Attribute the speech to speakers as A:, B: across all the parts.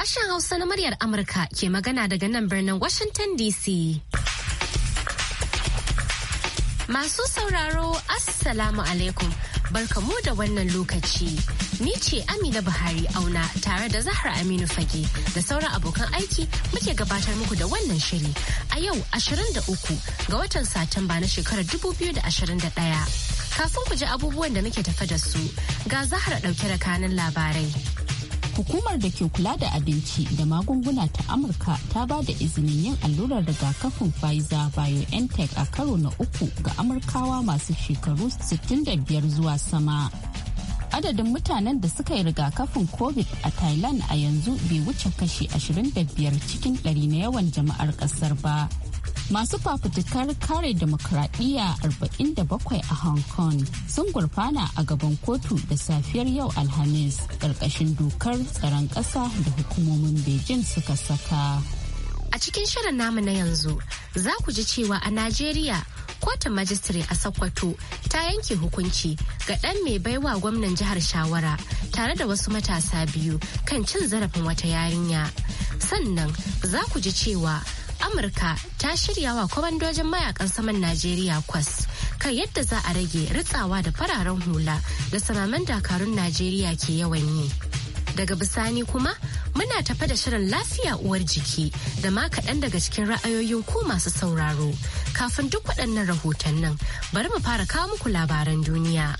A: Sashen Hausa na muryar Amurka ke magana daga nan birnin Washington DC. Masu sauraro, Assalamu alaikum, barkamu da wannan lokaci. Ni ce Amina Buhari auna tare da Zahra Aminu Fage da sauran abokan aiki muke gabatar muku da wannan shiri a yau 23 ga watan Satumba na shekarar 2021. Kafin ku ji abubuwan da muke tafa da
B: su, ga Zahra ɗauke da kanin labarai. hukumar da ke kula da abinci da magunguna ta amurka ta ba da izinin yin allurar rigakafin pfizer biontech a karo na uku ga amurkawa masu shekaru 65 zuwa sama adadin mutanen da suka yi rigakafin covid a thailand a yanzu bai wuce kashi 25 cikin 100 na yawan jama'ar kasar ba masu fafutukar kare demokradiyya 47 a hong kong sun gurfana a gaban kotu da safiyar yau alhamis ƙarƙashin dokar tsaron ƙasa da hukumomin beijing suka saka a cikin shirin namu na yanzu za ku ji cewa a
A: najeriya kotun majistare a sokoto ta yanke hukunci ga ɗan mai baiwa gwamnan jihar shawara tare da wasu matasa biyu kan cin zarafin wata yarinya sannan za ku ji cewa amurka ta shirya wa kwamandojin mayakan saman najeriya kwas kan yadda za a rage ritsawa da fararen hula da samaman dakarun najeriya ke yawan yi daga bisani kuma muna tafa da shirin lafiya uwar jiki da ma kaɗan daga cikin ra'ayoyin ku masu sauraro kafin duk waɗannan rahotannin bari mu fara kawo muku labaran duniya.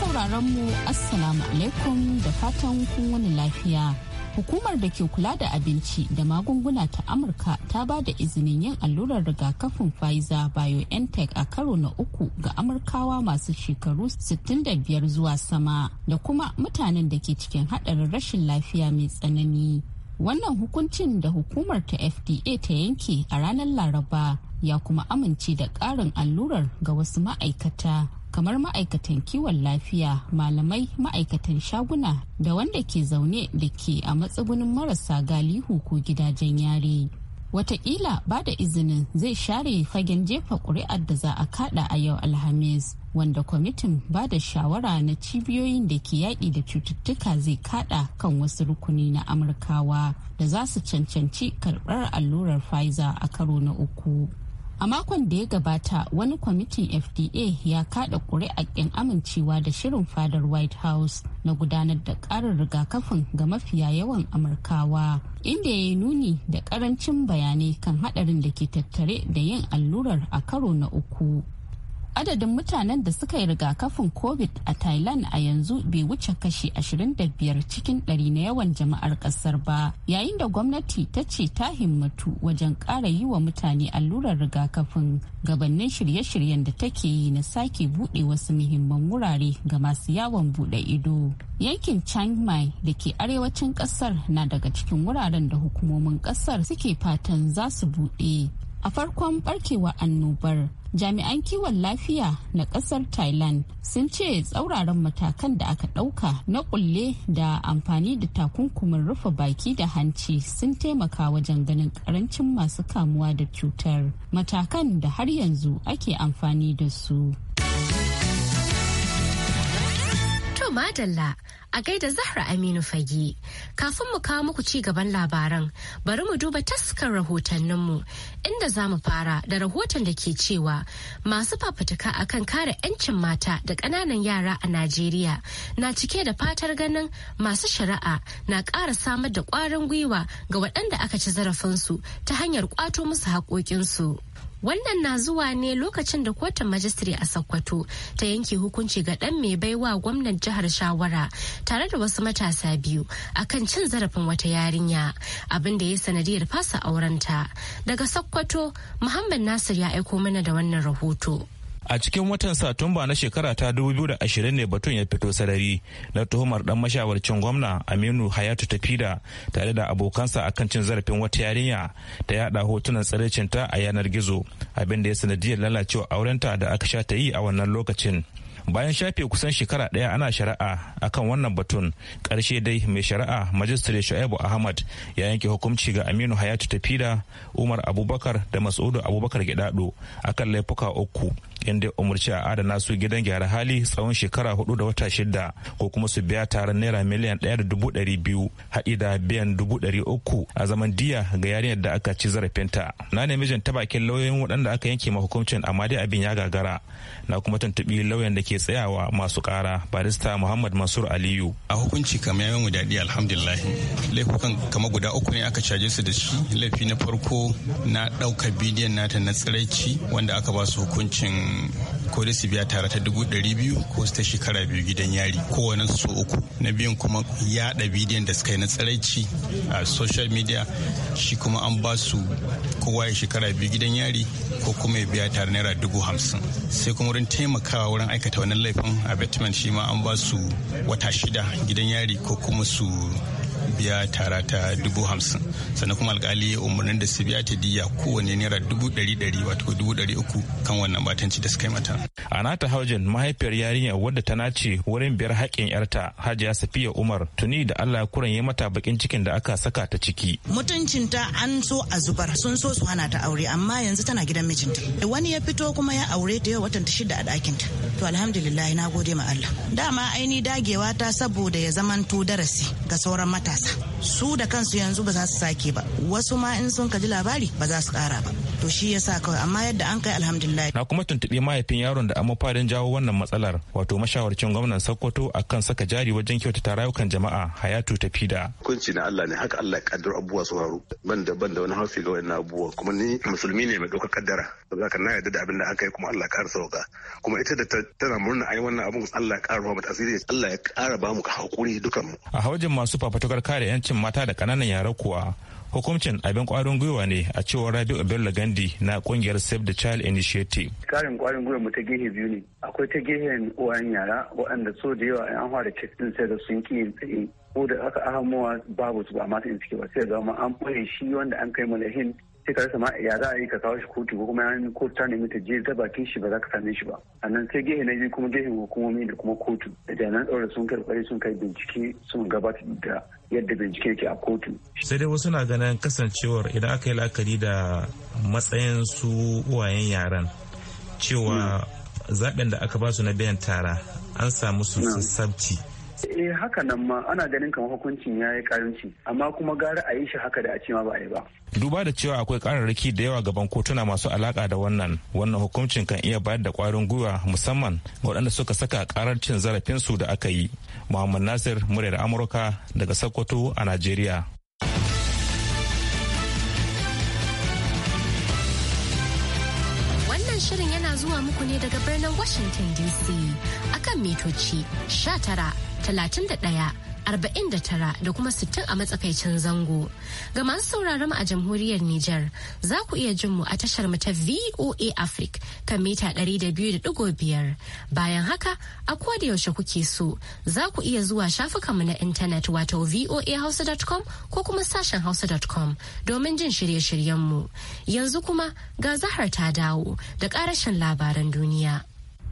B: sauraron mu Assalamu alaikum da fatan kun wani lafiya. Hukumar da ke kula da abinci da magunguna ta Amurka ta ba da izinin yin allurar rigakafin Pfizer BioNTech a karo na uku ga Amurkawa masu shekaru 65 zuwa sama da kuma mutanen da ke cikin hadarin rashin lafiya mai tsanani. Wannan hukuncin da hukumar ta FDA ta yanke a ranar Laraba ya kuma amince da ƙarin allurar ga wasu ma'aikata. kamar ma'aikatan kiwon lafiya malamai ma'aikatan shaguna da wanda ke zaune da ke a matsugunin marasa galihu ko gidajen yare watakila ba da izinin zai share fagen jefa kuri'ar da za a kada a yau alhamis wanda kwamitin ba da shawara na cibiyoyin da ke yaƙi da cututtuka zai kada kan wasu rukuni na amurkawa da za su cancanci karɓar allurar pfizer a karo na uku A makon da ya gabata wani kwamitin FDA ya kada ƙuri'aƙin amincewa da shirin fadar White House na gudanar da ƙarin rigakafin ga mafiya yawan Amurkawa, inda ya yi nuni da ƙarancin bayanai kan haɗarin da ke tattare da yin allurar a karo na uku. adadin mutanen da suka yi rigakafin covid a thailand a yanzu bai wuce kashi 25 cikin 100 na yawan jama'ar kasar ba yayin da gwamnati ta ce ta himmatu wajen kara yi wa mutane allurar rigakafin gabanin shirye-shiryen da take yi na sake bude wasu muhimman wurare ga masu yawon bude ido yankin chiang mai da ke arewacin kasar na daga cikin wuraren da hukumomin kasar suke fatan za su bude. a farkon barkewar annobar. Jami'an kiwon lafiya na kasar Thailand sun ce tsauraran matakan da aka ɗauka na kulle da amfani da takunkumin rufe baki da hanci sun taimaka wajen ganin karancin masu kamuwa da cutar. Matakan da har yanzu ake amfani da su. To madalla a gaida Zahra
A: Aminu Fage. Kafin mu kawo muku ci gaban labaran, bari mu duba taskar rahotanninmu inda za mu fara da rahoton da ke cewa masu fafutuka akan kare 'yancin mata da ƙananan yara a Najeriya na cike da fatar ganin masu shari'a na ƙara samar da ƙwarin gwiwa ga waɗanda aka ci zarafinsu ta hanyar ƙwato musu haƙoƙinsu. Wannan na zuwa ne lokacin da kotun majistare a Sokoto ta yanke hukunci ga ɗan mai baiwa gwamnan jihar shawara tare da wasu matasa biyu akan cin zarafin wata yarinya abin da ya sanadiyar fasa aurenta. Daga Sokoto, Muhammad Nasir ya aiko mana da wannan rahoto.
C: a cikin watan satumba na shekara ta 2020 ne batun ya fito sarari na tuhumar dan mashawarcin gwamna aminu hayatu tafida tare da abokansa akan cin zarafin wata yarinya ta yada hotunan tsiraicinta a yanar gizo abin da ya sanadiyar lalacewa aurenta da aka sha ta yi a wannan lokacin bayan shafe kusan shekara ɗaya ana shari'a akan wannan batun karshe dai mai shari'a majistare shu'aibu ahmad ya yanke hukunci ga aminu hayatu tafida umar abubakar da mas'udu abubakar gidado akan laifuka uku inda umarci a adana su gidan gyara hali tsawon shekara hudu da wata shida ko kuma su biya taron naira miliyan daya da dubu ɗari biyu haɗi da biyan dubu ɗari uku a zaman diya ga yarinyar da aka ci zarafinta na ne mijin ta bakin lauyoyin waɗanda aka yanke ma hukuncin amma dai abin ya gagara na kuma tuntuɓi lauyan da ke tsayawa masu ƙara barista muhammad mansur aliyu a hukunci kamar ya
D: mu daɗi alhamdulillah laifukan kama guda uku ne aka caje su da shi laifi na farko na ɗaukar bidiyon nata na tsiraici wanda aka ba su hukuncin ko da su biya tare ta dubu ɗari biyu ko su ta shekara biyu gidan yari kowane su uku na biyun kuma yaɗa bidiyon da suka yi na tsaraici a social media shi kuma an ba su kowa ya shekara biyu gidan yari ko kuma ya biya tare naira dubu hamsin sai kuma wurin taimakawa wurin aikata wani laifin abatment shi ma an ba su wata shida gidan yari ko kuma su biya tara ta dubu hamsin sannan kuma alkali umarnin da su biya ta diya kowane naira dubu ɗari ɗari wato dubu ɗari uku kan wannan batanci da suka yi mata. anata
C: haujen mahaifiyar yarinya wadda ta nace wurin biyar haƙƙin yarta hajiya safiya umar tuni da allah kuran ya mata bakin cikin da aka saka ta ciki.
E: mutuncinta an so a zubar sun so su hana ta aure amma yanzu tana gidan mijinta wani ya fito kuma ya aure ta yau watan ta shida a ta. to alhamdulillah na gode ma allah dama aini dagewa ta saboda ya zamanto darasi ga sauran matasa ƙasa su da kansu yanzu ba za su sake ba wasu ma in sun kaji labari ba za su kara ba to shi ya sa kawai amma yadda an kai alhamdulillah
C: na kuma tuntuɓi mahaifin yaron da amma farin jawo wannan matsalar wato mashawarcin gwamnan Sokoto akan saka jari wajen kyautata rayukan jama'a Hayatu ta Fida.
D: kunci na Allah ne haka Allah ya kaddar abubuwa su faru ban da ban da wani hafi ga wannan abubuwa kuma ni musulmi ne mai dokar kaddara saboda kan na yarda da abin da aka yi kuma Allah ƙara sauka kuma ita da tana murna ai wannan abun Allah ƙara ruwa mata asiri Allah ya kara ba mu hakuri dukan mu a
C: hawajin masu fafatukar kare 'yancin mata da kananan yara kuwa hukuncin abin kwarin gwiwa ne a cewar rabi'u bello gandi na kungiyar save the child initiative
F: karin kwarin gwiwa mu ta gehe biyu ne akwai ta gehen uwayen yara waɗanda so da yawa an fara cek din sai da sun ki tsaye ko da aka ahamowa babu su ba mata in suke ba sai zama an ɓoye shi wanda an kai hin sai ka rasa ma ya za a yi ka kawo shi kotu ko kuma yan kotu ta nemi ta je ta bakin shi ba za ka same shi ba a nan sai gehe na biyu kuma gehen hukumomi da kuma kotu da jami'an tsaro sun kwarai sun kai bincike sun gabatar da yadda bincike ke a kotu.
C: sai dai wasu na ganin kasancewar idan aka yi la'akari da matsayin su uwayen yaran cewa hmm. zaɓen da aka ba su na biyan tara an samu su hmm. sabci.
F: eh haka nan ma ana ganin kamar hukuncin ya yi karanci amma kuma gara a yi shi haka da a ce ma ba a yi ba
C: duba da cewa akwai kararraki da yawa gaban kotuna masu alaka da wannan wannan hukuncin kan iya bayar da kwarin gwiwa musamman ga waɗanda suka saka karar cin zarafinsu da aka yi muhammad nasir muryar amurka daga sokoto a najeriya
A: zuwa muku ne daga birnin Washington DC akan mitoci 19, 31 49 da kuma 60 a matsakaicin zango. Ga masu sauraron a jamhuriyar Nijar za ku iya jin mu a tashar mu ta VOA Africa kan mita 200.5. Bayan haka a koda yaushe kuke so za ku iya zuwa shafukanmu na intanet wato voahausa.com ko kuma sashen hausa.com domin jin shirye-shiryenmu.
B: Yanzu kuma ga zahar ta dawo da ƙarashin labaran duniya.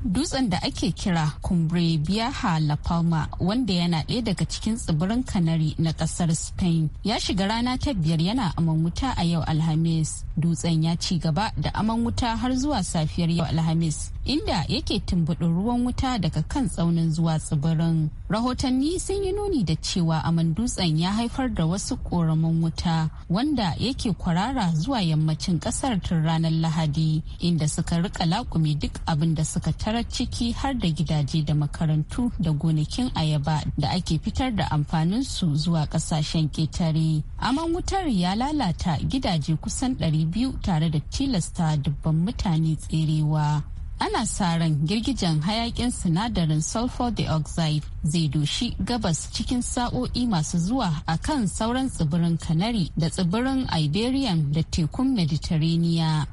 B: dutsen da ake kira cumbre biaha la palma wanda yana ɗaya daga cikin tsibirin kanari na ƙasar spain ya shiga rana ta biyar yana aman wuta a yau alhamis dutsen ya ci gaba da aman wuta har zuwa safiyar yau alhamis inda yake tumbuɗin ruwan wuta daga kan tsaunin zuwa tsibirin rahotanni sun yi nuni da cewa aman dutsen ya haifar da wasu ƙoramin wuta wanda yake kwarara zuwa yammacin ƙasar tun ranar lahadi inda suka riƙa laƙumi duk abin da suka tara karkarar ciki har da gidaje da makarantu da gonakin ayaba da ake fitar da amfaninsu zuwa kasashen ketare. Aman wutar ya lalata gidaje kusan 200 tare da tilasta dubban mutane tserewa. ana sa ran girgijen hayakin sinadarin sulfur dioxide zai doshi gabas cikin sa'o'i masu zuwa a kan sauran tsibirin kanari da tsibirin iberian da tekun mediterranean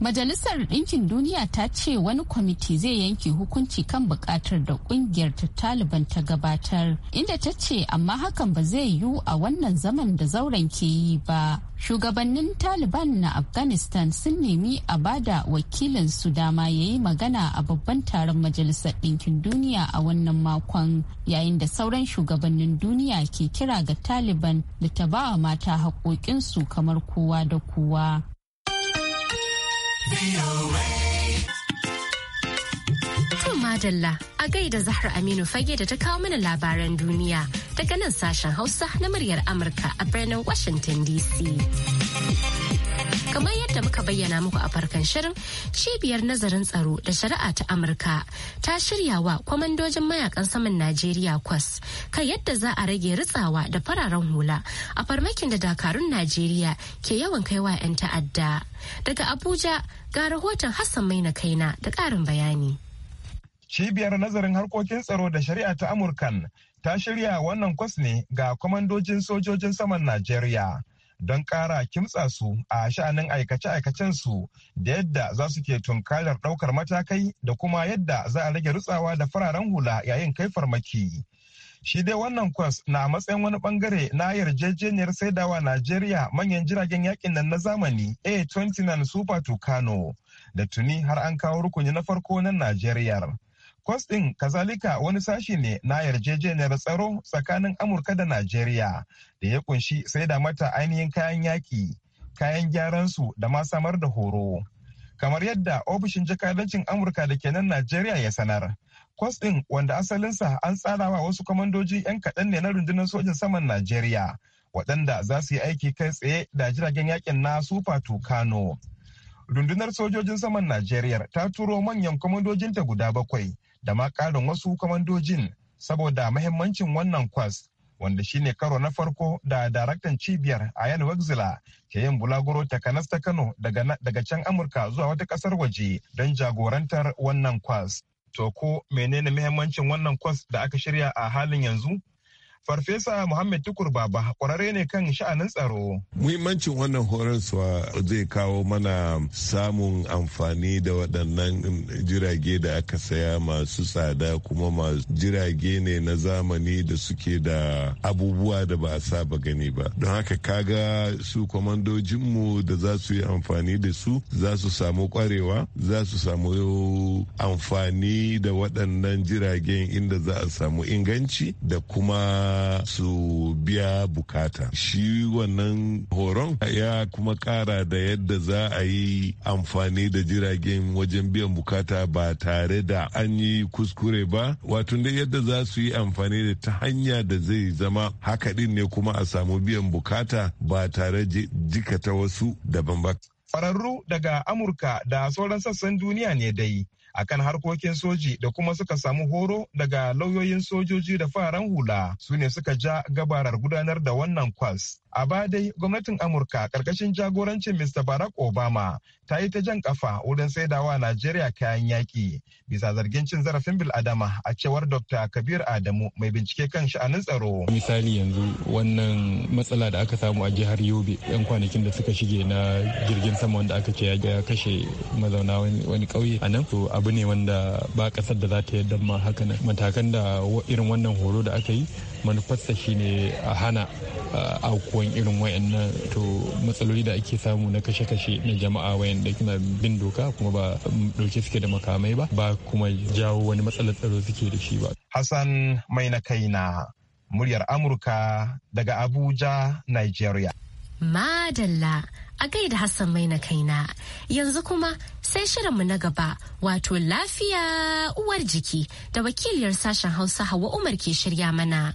B: Majalisar Ɗinkin Duniya ta ce wani kwamiti zai yanke hukunci kan buƙatar da ƙungiyar ta Taliban ta gabatar, inda ta ce amma hakan ba zai yiwu a wannan zaman da zauren ke yi ba. Shugabannin Taliban na Afghanistan sun nemi a bada wakilin su dama ya yi magana a babban taron Majalisar Ɗinkin Duniya a wannan makon, yayin da sauran shugabannin duniya ke kira ga Taliban da ta ba wa mata haƙoƙinsu kamar kowa da kowa.
A: Madalla a gaida Zahra Aminu fage da ta kawo mana labaran duniya daga nan sashen Hausa na muryar Amurka a birnin Washington DC. kamar yadda muka bayyana muku a farkon shirin cibiyar nazarin tsaro da shari'a ta amurka ta shirya wa kwamandojin mayakan saman najeriya kwas kan yadda za a rage ritsawa da fararen hula a farmakin da dakarun najeriya ke yawan kai wa 'yan ta'adda daga abuja ga rahoton hassan kai na da ƙarin bayani
D: cibiyar nazarin harkokin tsaro da shari'a ta amurkan ta shirya wannan kwas ne ga kwamandojin sojojin saman najeriya don kara kimtsa su a sha'anin aikace-aikacen su da yadda za su ke tunkarar ɗaukar matakai da kuma yadda za a rage rutsawa da fararen hula yayin kai farmaki. Shi dai wannan kwas na matsayin wani bangare na yarjejeniyar saidawa Najeriya manyan jiragen yakin nan na zamani A29 Super Tucano da tuni har an kawo rukuni na farko na Najeriyar. Kwas ɗin kazalika wani sashi ne na yarjejeniyar tsaro tsakanin Amurka da Najeriya da ya kunshi sai da mata ainihin kayan yaki, kayan gyaran su da ma samar da horo. Kamar yadda ofishin jakadancin Amurka da ke nan Najeriya ya sanar. Kwas ɗin wanda asalinsa an tsarawa wasu kwamandoji 'yan kaɗan ne na rundunar sojin saman Najeriya. waɗanda za su yi aiki kai tsaye da jiragen yakin na sufa tukano. Rundunar sojojin saman Najeriya ta turo manyan kwamandojinta guda bakwai da ma karin wasu kwamandojin saboda mahimmancin wannan kwas wanda shine karo na farko da daraktan cibiyar ayan wexler ke yin bulaguro takanas ta kano daga can amurka zuwa wata kasar waje don jagorantar wannan kwas to ko menene mahimmancin wannan kwas da aka shirya a halin yanzu Farfesa Muhammad Tukur Baba kwararre ne kan sha'anin tsaro. Muhimmancin wannan horaswa zai kawo mana samun amfani da waɗannan jirage da aka saya masu tsada kuma masu jirage ne na zamani da suke da abubuwa da ba a saba gani ba. Don haka kaga su kwamandojinmu da za su yi amfani da su za su samu kwarewa za su samu amfani da waɗannan jiragen inda za a samu inganci da kuma su biya bukata shi wannan horon ya kuma kara da yadda za a yi amfani da jiragen wajen biyan bukata ba tare da an yi kuskure ba wato da yadda za su yi amfani da ta hanya da zai zama haka din ne kuma a samu biyan bukata ba tare jikata wasu daban ba. ƙwararru daga Amurka da sauran sassan duniya ne dai akan harkokin soji da kuma suka samu horo daga lauyoyin sojoji da fararen hula su ne suka ja gabarar gudanar da wannan kwas A ba dai gwamnatin Amurka karkashin jagorancin Mr. Barack Obama ta yi ta jan kafa wurin saidawa Najeriya kayan yaƙi bisa zargin cin zarafin bil'adama a cewar Dr. Kabir Adamu mai bincike kan sha'anin tsaro. Misali yanzu wannan matsala da aka samu a jihar Yobe 'yan kwanakin da suka shige na jirgin sama wanda aka ce ya kashe mazauna wani ƙauye a nan to abu ne wanda ba ƙasar
G: da za ta yadda ma haka nan matakan da irin wannan horo da aka yi manufarsa shine a hana aukuwan irin wayannan to matsaloli da ake samu na kashe-kashe na jama'a wayanda kina bin doka kuma ba mm, dauke suke da makamai ba ba kuma
D: jawo wani matsalar tsaro suke da shi ba hassan mai na kaina muryar amurka daga abuja nigeria
A: madalla a gaida Hassan mai na kaina. Yanzu kuma sai shirinmu na gaba wato lafiya
E: uwar jiki da wakiliyar sashen Hausa Hawa Umar ke shirya mana.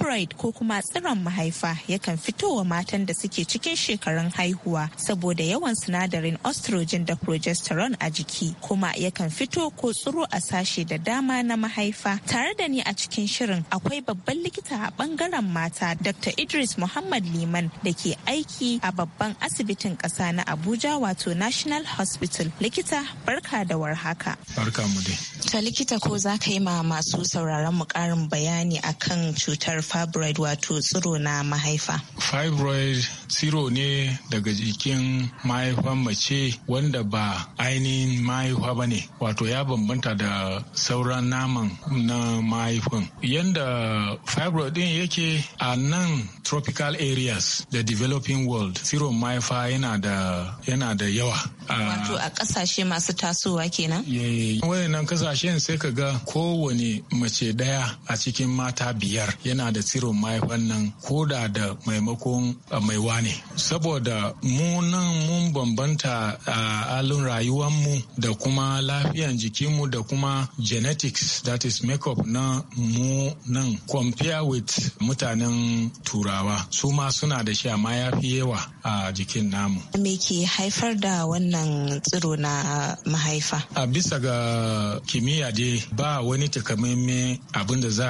E: fibroid ko kuma tsiron mahaifa yakan fitowa matan da suke cikin shekarun haihuwa saboda yawan sinadarin estrogen da progesterone a jiki kuma yakan fito ko tsiro a sashe da dama na mahaifa tare da ni a cikin shirin akwai babban likita a bangaren mata dr idris muhammad liman da ke aiki a babban asibitin kasa na abuja wato national hospital likita barka da warhaka
G: barka mu dai
E: ta likita ko za ka yi ma masu sauraron mu karin bayani akan cutar fibroid wato tsiro na mahaifa?
G: Fibroid tsiro ne daga jikin mahaifan mace wanda ba ainihin mahaifa ba ne wato ya bambanta da sauran naman na mahaifin. Yanda fibroid din yake a nan tropical areas the developing world tsiro mahaifa yana da yana da yawa. Wato a
E: kasashe masu tasowa kenan?
G: Eh, nan kasashen sai ka ga kowane mace ɗaya a cikin mata biyar yana da da tsiron mahaifan nan koda da maimakon maiwa ne saboda mu nan mun bambanta a alun rayuwanmu da kuma lafiyan jikinmu da kuma genetics that is makeup na mu nan compare with mutanen turawa su ma suna da shi amma ya fi yawa a jikin namu
E: me ke haifar da wannan tsiro na mahaifa
G: a bisa ga kimiyya dai ba wani takamaimai abin da za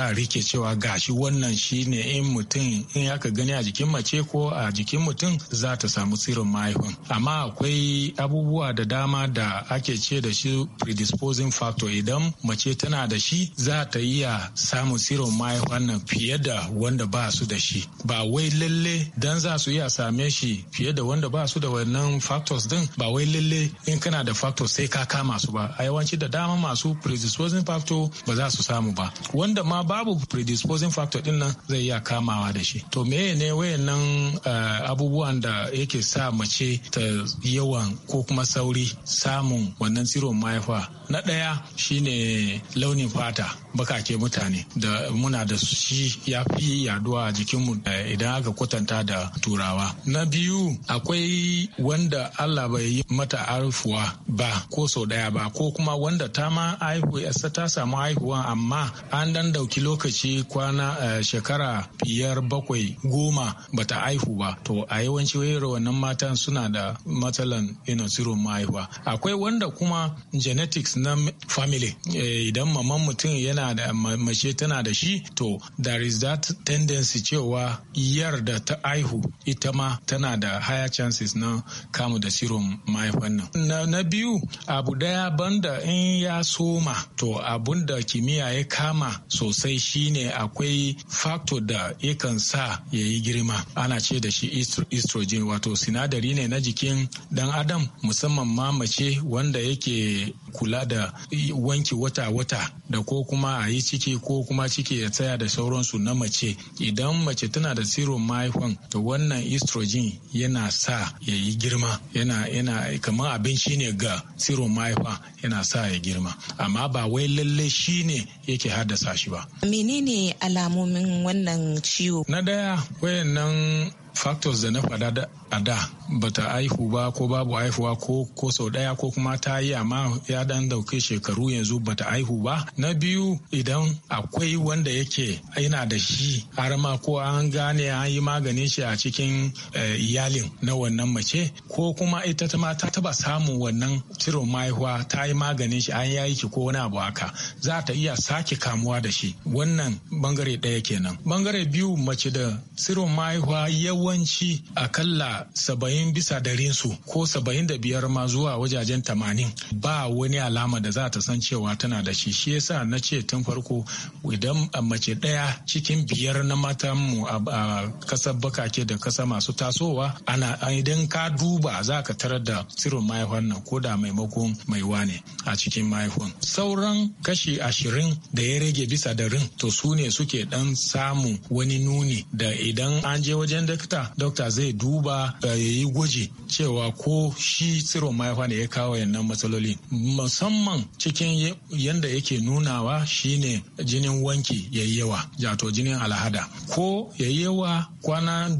G: a rike cewa ga shi wannan shine in mutum in aka gani a jikin mace ko a jikin mutum za ta samu tsirin mahaifin amma akwai abubuwa da dama da ake ce da shi predisposing factor idan mace tana da shi za ta iya samun tsirin mahaifin nan fiye da wanda ba su da shi ba wai lalle dan za su iya same shi fiye da wanda ba su da wannan factors din ba wai lalle in kana da factors sai ka kama su ba a yawanci da dama masu predisposing factor ba za su samu ba wanda ma babu predisposing limiting factor din nan zai iya kamawa da shi to meye ne wayannan eh, abubuwan da yake sa mace ta yawan ko kuma sauri samun wannan tsiron mahaifa na ɗaya shine launin fata bakake mutane da muna da shi ya fi yaduwa a jikinmu eh, idan aka kwatanta da turawa na biyu akwai wanda allah bai yi mata arfuwa ba ko sau ɗaya ba ko kuma wanda ta ma aihu ta samu haihuwa amma an dan dauki lokaci kwana na eh, shekara biyar bakwai goma bata aihu ba to a yawanci wayar wannan matan suna da matsalan ina zero mahaifa akwai wanda kuma genetics na family eh, idan maman mutum yana da mace tana da shi to there is that tendency cewa yar da ta aihu ita ma tana da higher chances na kamu da serum mahaifan nan na biyu abu daya banda in ya soma to abun da kimiyya ya kama sosai shine akwai akwai factor da yakan sa ya yi girma ana ce da shi estrogen wato sinadari ne na jikin dan adam musamman ma mace wanda yake kula da wanki wata-wata da ko kuma a yi ciki ko kuma ciki ya tsaya da sauransu na mace idan mace tana da siron mahaifan to wannan estrogen yana sa ya yi girma yana yana kamar abinci ne ga siron mahaifa yana sa ya girma amma ba wai lalle shi ne yake haddasa shi ba
E: menene alamomin
G: wannan ciwo na daya wayannan factors da na faɗa a da bata haihu ba ko babu haihuwa ko ko sau ɗaya ko kuma ta yi amma ya dan dauke shekaru yanzu bata haihu ba na biyu idan akwai wanda yake yana da shi har ma ko an gane an yi maganin shi a cikin eh, iyalin na wannan mace ko kuma ita ta ta taba samun wannan ciro mahaihuwa ta yi maganin shi an yayi shi ko wani abu haka za ta iya sake kamuwa da shi wannan bangare ɗaya kenan bangare biyu mace da ciro mahaihuwa yau yawanci akalla saba'in bisa su ko saba'in da biyar ma zuwa wajajen tamanin ba wani alama da za ta san cewa tana da shi shi yasa na ce tun farko idan mace ɗaya cikin biyar na matan mu a kasar bakake da kasa masu tasowa ana idan ka duba za ka tarar da sirrin mahaifan nan ko da maimakon maiwa ne a cikin mahaifan sauran kashi ashirin da ya rage bisa darin to su ne suke dan samu wani nuni da idan an je wajen likita dokta zai duba eh, ya yi gwaji cewa ko shi tsiron mahaifa ne ya kawo yannan matsaloli musamman cikin yanda yake nunawa shine jinin wanki ya yi yawa jato jinin alhada ko ya yi yawa kwana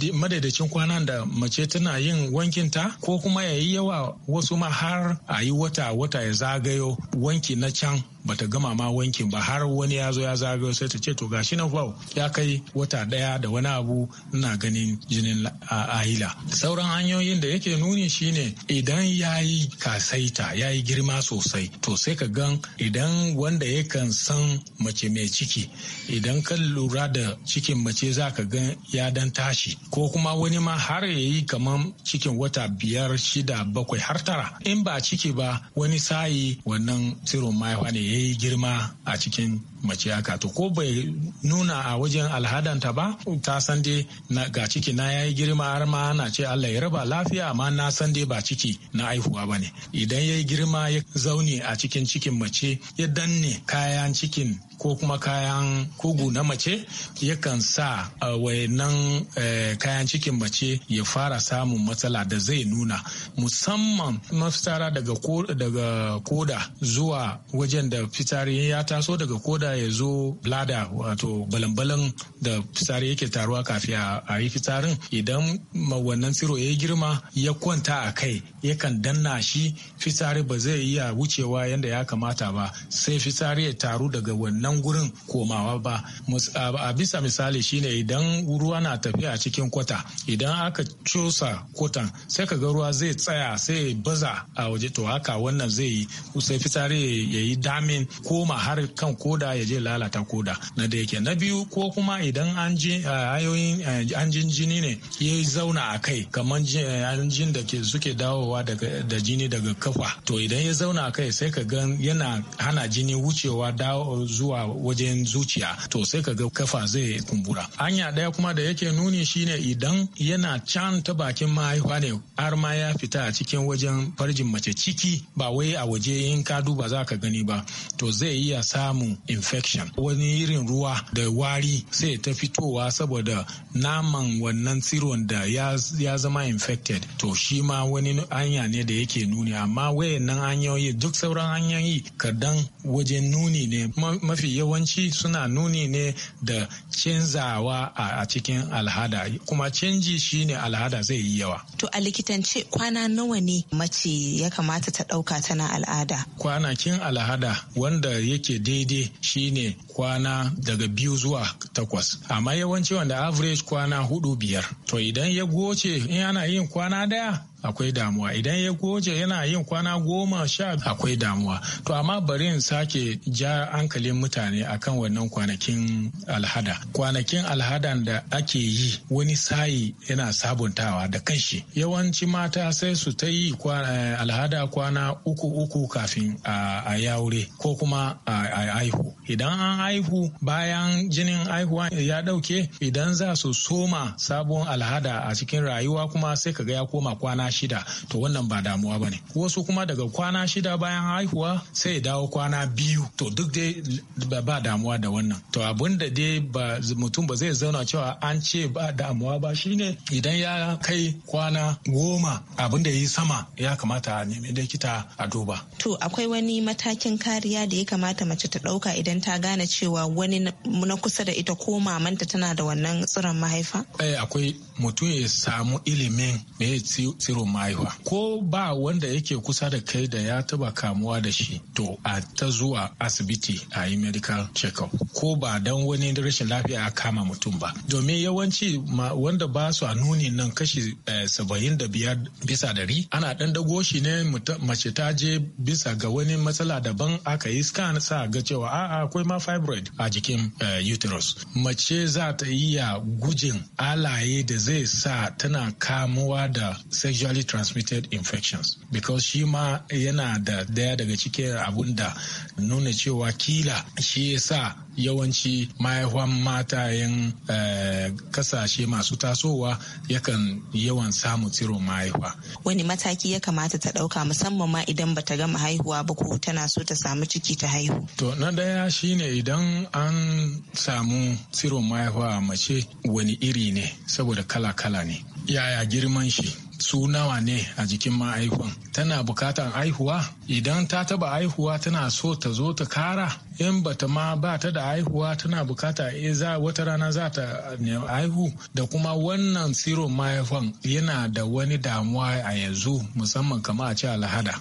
G: kwana da mace tana yin wankinta ko kuma ya yi yawa wasu ma har a yi wata wata ya zagayo wanki na can bata gama ma wankin ba har wani ya zo ya zagayo sai ta ce to gashi nan fa ya kai wata daya da wani abu ina ganin jinin ahila sauran hanyoyin da yake nuni shine idan ya yi kasaita ya yi girma sosai to sai ka gan idan wanda yakan san mace mai ciki idan ka lura da cikin mace za ka gan ya dan tashi ko kuma wani ma har ya yi kaman cikin wata biyar shida bakwai har tara in ba ciki ba wani sayi wannan tsiron mahaifa ne ya yi girma a cikin mace haka to ko bai nuna a wajen alhadanta ba ta san dai ga ciki na yayi girma har ma ana ce Allah ya raba lafiya amma na san dai ba ciki na aihuwa bane idan ya girma ya zaune a cikin cikin mace ya danne kayan cikin ko kuma kayan kugu na mace yakan sa wayannan e, kayan cikin mace ya fara samun matsala da zai nuna musamman mafitara daga koda zuwa wajen da fitari ya taso daga koda ya zo lada wato balambalan da fitari yake taruwa kafin a yi fitarin idan wannan tsiro ya girma ya kwanta a kai yakan danna shi fitari ba zai iya wucewa yadda ya kamata ba sai fitari ya taru daga wannan nan gurin komawa ba a bisa misali shine idan ruwa na tafiya cikin kwata idan aka cosa kwatan sai ka ga ruwa zai tsaya sai baza a waje to haka wannan zai yi sai fitare ya yi damin koma har kan koda ya je lalata koda na da yake na biyu ko kuma idan an jin jini ne ya zauna a kai kamar an jin da ke suke dawowa da jini daga kafa to idan ya zauna a kai sai ka ga yana hana jini wucewa zuwa yawa wajen zuciya to sai ka ga kafa zai kumbura hanya ɗaya kuma da yake nuni shine idan yana can ta bakin mahaifa ne har ma ya fita a cikin wajen farjin mace ciki ba wai a waje in ka duba za ka gani ba to zai iya samun infection wani irin ruwa da wari sai ta fitowa saboda naman wannan tsiron da ya zama infected to shi ma wani hanya ne da yake nuni amma wayannan hanyoyi duk sauran hanyoyi kadan wajen nuni ne mafi yawanci suna nuni ne da canzawa a cikin alhada kuma canji shine alhada zai yi yawa.
E: To a likitance kwana nawa ne mace ya kamata ta ɗauka tana al'ada?
G: Kwanakin alhada wanda yake daidai shine kwana daga biyu zuwa takwas amma yawanci wanda average kwana hudu biyar. To idan ya goce in ana yin kwana daya akwai damuwa idan ya goje yana yin kwana goma sha akwai damuwa to amma bari in sake ja hankalin mutane akan wannan kwanakin alhada kwanakin alhadan da ake yi wani sayi yana sabuntawa da kanshi yawanci mata sai su ta yi eh, alhada kwana uku uku kafin a yaure ko kuma a aihu idan an aihu bayan jinin haihuwa ya dauke idan za su soma sabon alhada a cikin rayuwa kuma sai ka ga ya koma kwana kwana shida to wannan ba damuwa bane wasu kuma daga kwana shida bayan haihuwa sai ya dawo kwana biyu to duk dai ba damuwa da wannan to abin da dai ba mutum ba zai zauna cewa an ce ba damuwa ba shine idan ya kai kwana goma abin da ya yi sama ya kamata a nemi likita a duba
E: to akwai wani matakin kariya da ya kamata mace ta ɗauka idan ta gane cewa wani na kusa da ita ko mamanta tana da wannan tsiron mahaifa
G: eh, akwai mutum ya samu ilimin me yaro mahaifa ko ba wanda yake kusa da kai da ya taba kamuwa da shi to a ta zuwa asibiti a yi medical check-up ko ba dan wani rashin lafiya a kama mutum ba domin yawanci wanda ba su a nuni nan kashi eh, saba'in da biyar bisa dari ana dan dago shi ne mace ta je bisa ga wani matsala daban aka yi scan sa ga cewa a akwai ma fibroid a jikin eh, uterus mace za ta iya gujin alaye da zai sa tana kamuwa da sexual sexually transmitted infections because shi ma yana da daya daga cikin abun da nuna cewa kila shi yasa yawanci mahaifan yin eh, kasashe masu tasowa yakan yawan samu tsiron mahaifa. Wani
E: mataki ya kamata ta ɗauka musamman ma idan bata gama haihuwa ba ko tana so ta samu ciki ta haihu.
G: To na ɗaya shine idan an samu tsiron mahaifa mace wani iri ne saboda kala-kala ne. Yaya girman shi? su nawa ne a jikin ma'aifin tana bukatan aihuwa idan ta taba aihuwa tana so ta zo ta kara in bata ma ba ta da aihuwa tana bukata e za wata rana za ta aihu da kuma wannan siron mahaifan yana da wani damuwa a yanzu musamman kama a ce alhada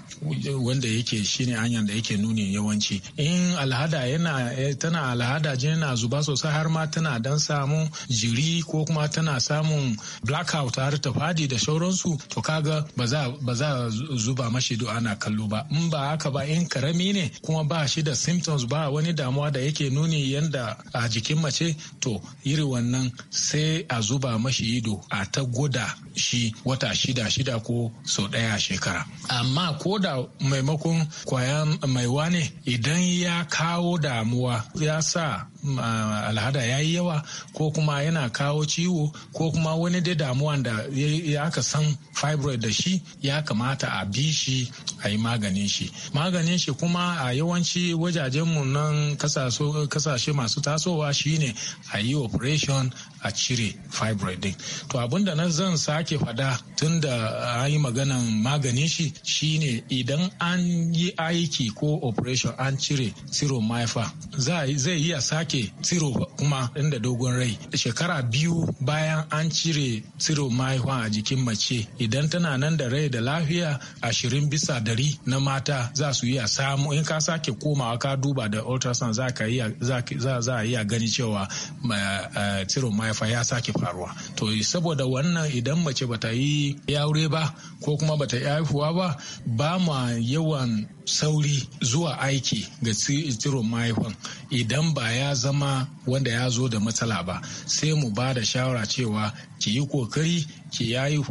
G: wanda yake shine hanyar da yake nuni yawanci in alhada yana eh, tana alhada jini na zuba sosai har ma tana dan samu jiri ko kuma tana samun blackout har ta fadi da sauransu su to kaga ba za a zuba mashi ido ana kallo ba in ba haka ba in karami ne kuma ba shi da symptoms ba wani damuwa da yake nuni yanda a jikin mace to iri wannan sai a zuba mashi ido a ta gwada shi wata shida shida ko sau ɗaya shekara amma ko da maimakon kwayan mai wane idan ya kawo damuwa ya sa Mm, alhada ya yi yawa ko kuma yana kawo ciwo ko kuma wani dai damuwa da ya aka san fibroid da shi ya kamata a bi shi a yi maganin shi maganin shi kuma a yawanci wajajenmu nan kasashe masu tasowa shine a yi operation a cire fibroid din to abin da nan zan sake fada tun da an yi maganan maganin shi shine idan an yi aiki ko operation an cire tsiro mahaifa zai iya sake tsiro kuma inda dogon rai shekara biyu bayan an cire tsiro mahaifa a jikin mace idan tana nan da rai da lafiya ashirin bisa dari na mata za su iya samu in ka sake komawa ka duba da ultrasound za a iya gani cewa tsiro eh, mahaifa mahaifa ya sake faruwa to saboda wannan idan mace bata yi yaure ba ko kuma bata yi haihuwa ba ba ma yawan sauri zuwa aiki ga tsiron mahaifan idan ba ya zama wanda ya zo da matsala ba sai mu ba da shawara cewa ki yi kokari ki yayi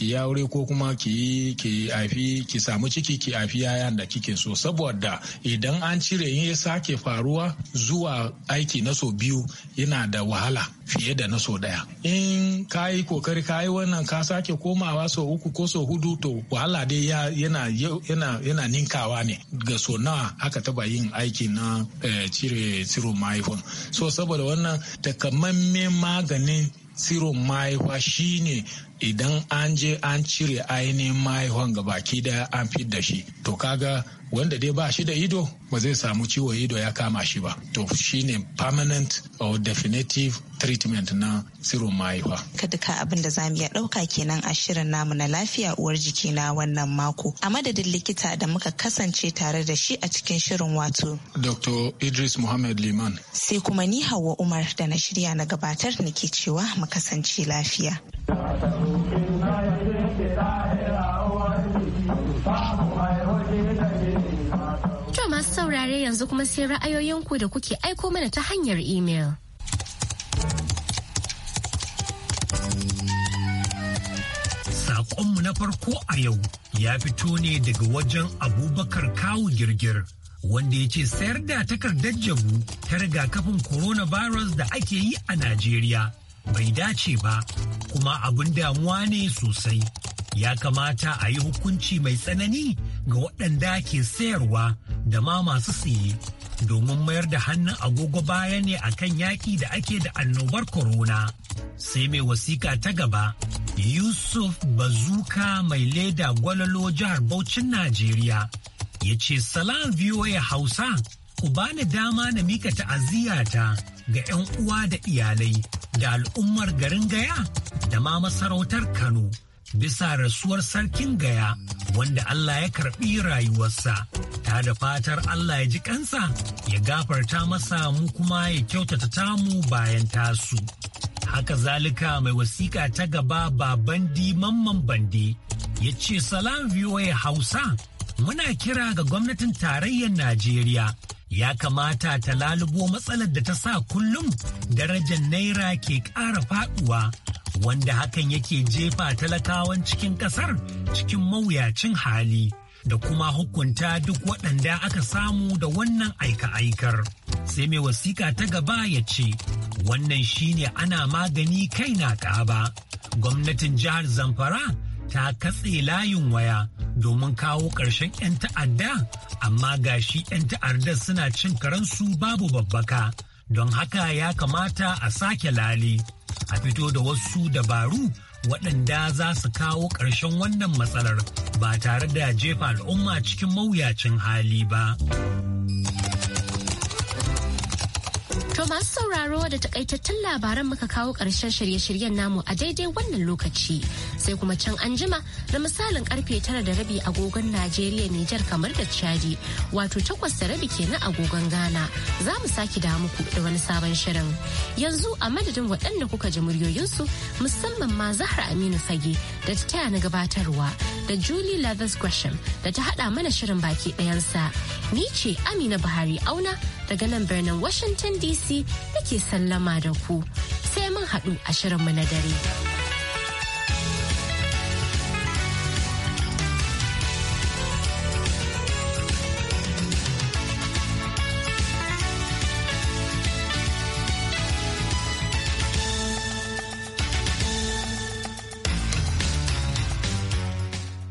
G: yaure ko kuma ki ki afi ki samu ciki ki afi yayan da kike so saboda idan an cire in ya sake faruwa zuwa aiki na so biyu yana da wahala fiye da na so daya in ka yi kokari ka yi wannan ka sake komawa so uku ko so hudu to wahala dai yana ninkawa ne ga so nawa aka taba yin aiki na eh, cire tsiro mahaifin so saboda wannan takamammen maganin tsiro mahaifa ne. idan an je an cire ainihin mahaifan ga baki daya an fi da shi to kaga wanda dai ba shi da ido ba zai samu ciwo ido ya kama shi ba to shine permanent or definitive treatment na sirrin mahaifa.
E: Ka duka abin da zamu iya ɗauka kenan a shirin namu na lafiya uwar jiki na wannan mako. A madadin likita da muka kasance tare da shi a cikin shirin wato.
G: Dr. Idris Muhammad Liman.
E: Sai kuma ni Hauwa Umar da na shirya na gabatar nake cewa mu kasance lafiya. To
A: masu saurare yanzu kuma sai ra'ayoyinku da kuke aiko mana ta hanyar imel.
F: Saƙonmu na farko a yau ya fito ne daga wajen abubakar kawu girgir. Wanda ya ce sayar da takardar jabu ta rigakafin coronavirus da ake yi a Najeriya bai dace ba kuma abin damuwa ne sosai ya kamata a yi hukunci mai tsanani ga waɗanda ke sayarwa da ma masu siye domin mayar da hannun agogo baya ne a kan yaƙi da ake da annobar corona sai mai wasiƙa ta gaba yusuf bazuka mai leda gwalolo jihar Bauchin najeriya ya ce salam voa hausa ku bani dama na mika ta'aziyata ga 'yan uwa da iyalai da al'ummar garin Gaya da ma masarautar Kano bisa rasuwar sarkin Gaya wanda Allah ya karɓi rayuwarsa. Ta da fatar Allah ya ji kansa ya gafarta masa mu kuma ya kyautata tamu bayan tasu. Haka zalika mai wasiƙa ta gaba Baban mamman bandi ya ce salam VOA Hausa muna kira ga gwamnatin tarayyar Najeriya ya kamata ta lalubo matsalar da ta sa kullum darajar naira ke ƙara faɗuwa wanda hakan yake jefa talakawan cikin ƙasar cikin mawuyacin hali da kuma hukunta duk waɗanda aka samu da wannan aika-aikar. Sai mai wasiƙa ta gaba ya ce, wannan shine ana magani kai na ƙaba. Gwamnatin jihar Zamfara ta katse layin waya domin kawo ƙarshen 'yan ta'adda amma ga shi 'yan ta'addar suna cin karansu babu babbaka don haka ya kamata a sake lali a fito da wasu dabaru waɗanda za su kawo ƙarshen wannan matsalar ba tare da jefa al'umma cikin mawuyacin hali ba.
A: masu sauraro da takaitattun labaran muka kawo ƙarshen shirye-shiryen namu a daidai wannan lokaci sai kuma can anjima jima da misalin karfe tara da rabi agogon Najeriya Nijar kamar da Chadi wato takwas da rabi kenan agogon Ghana za mu sake da muku da wani sabon shirin yanzu a madadin waɗanda kuka ji muryoyinsu musamman ma Zahra Aminu Fage da ta taya na gabatarwa da Julie Lathers Gresham da ta haɗa mana shirin baki ɗayansa ni ce Amina Buhari Auna daga nan birnin Washington DC da ke sallama da ku. Sai mun haɗu a shirin mu na dare.